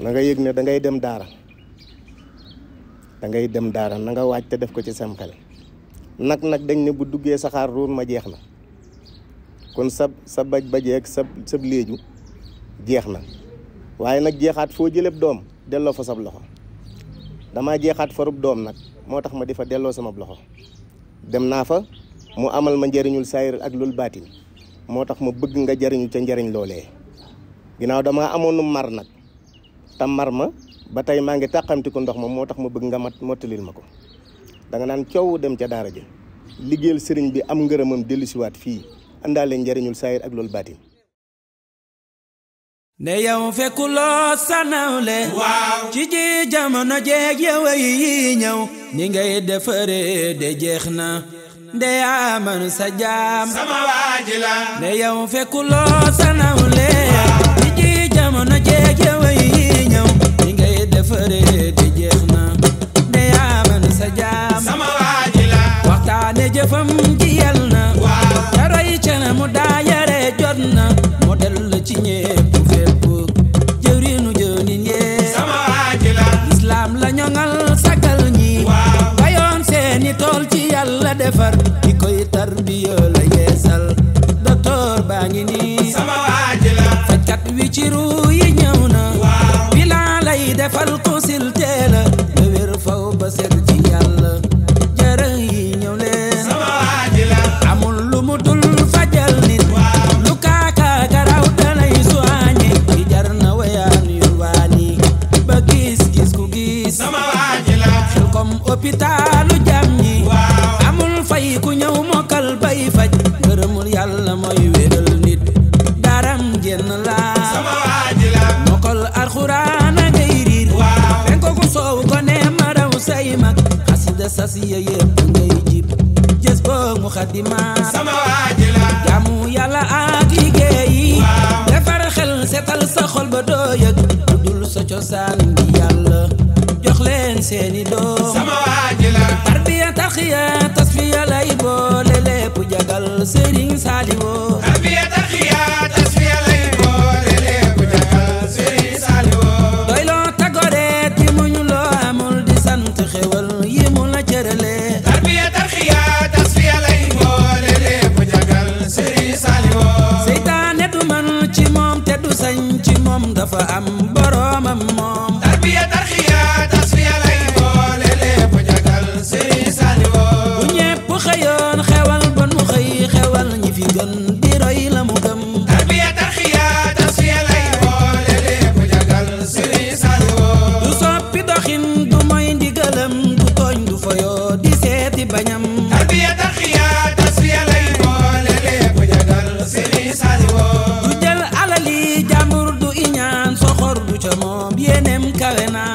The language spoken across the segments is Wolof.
na nga yëg ne da ngay dem daara da ngay dem daara na nga waaj te def ko ci sam xel nag nag dañ ne bu duggee xaar ruur ma jeex kon sa sa baj bajeeg sa sab léeju jeex na waaye nag jeexaat foo jëleb doom fa sab loxo dama jeexaat farub doom nag moo tax ma di fa delloo sama loxo dem naa fa mu amal ma njariñul saayir ak lul baatin moo tax ma bëgg nga jariñu ca njariñ loolee ginaaw dama mar nag te mar ba tay ma ngi takamti ko ndox ma motax tax ma bëgg nga mat mottalil mako da nga nan ciow dem ci dara ja liggéeyal sëriñ bi am ngeureumam ngërëmam wat fi andale njariñul saayir ak lol baatin ne yow fekkuloo sanawle ci ci jamono jeeg yow yi ñew ni ngay defaree de jeexna de yaa sa jam sama wajila la ne yow fekkuloo sanawle wow. hôpitalu jam ñi amul fay ku ñëw mokal bay faj ngërëmul yàlla mooy wéral nit daram jenn la sama waaji la mokal alxuraana ngay riir ben ko ko soow ko ne ma say mag ya ngay jib mu xadima sama waaji la jaamu yàlla ak liggéeyi defar xel setal sa xol ba doo yëg dudul sa jox Seri Saliwo. Nem ne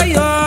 sa'yo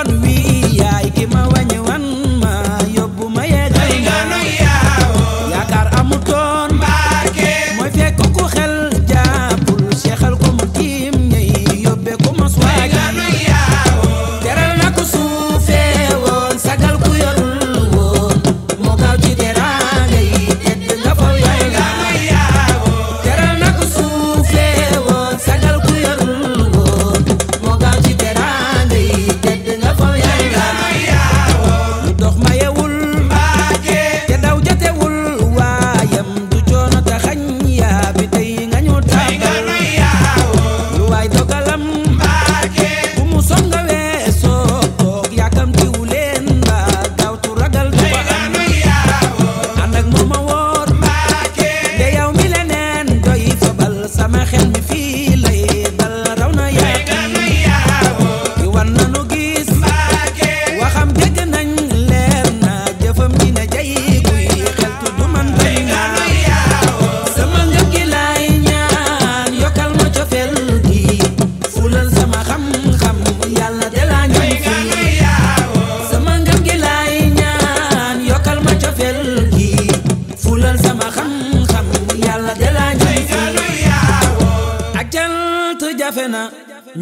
jafe na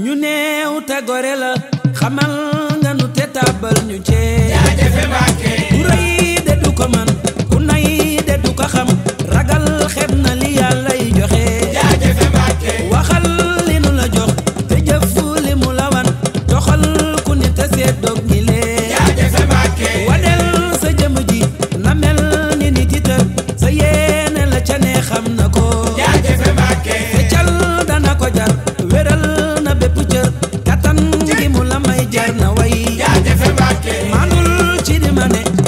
ñu neew te la xamal nga nu te tàbbal ñu cee jaajëfe Mbàkke ku rëy de du ko man ku nay de du ko xam money.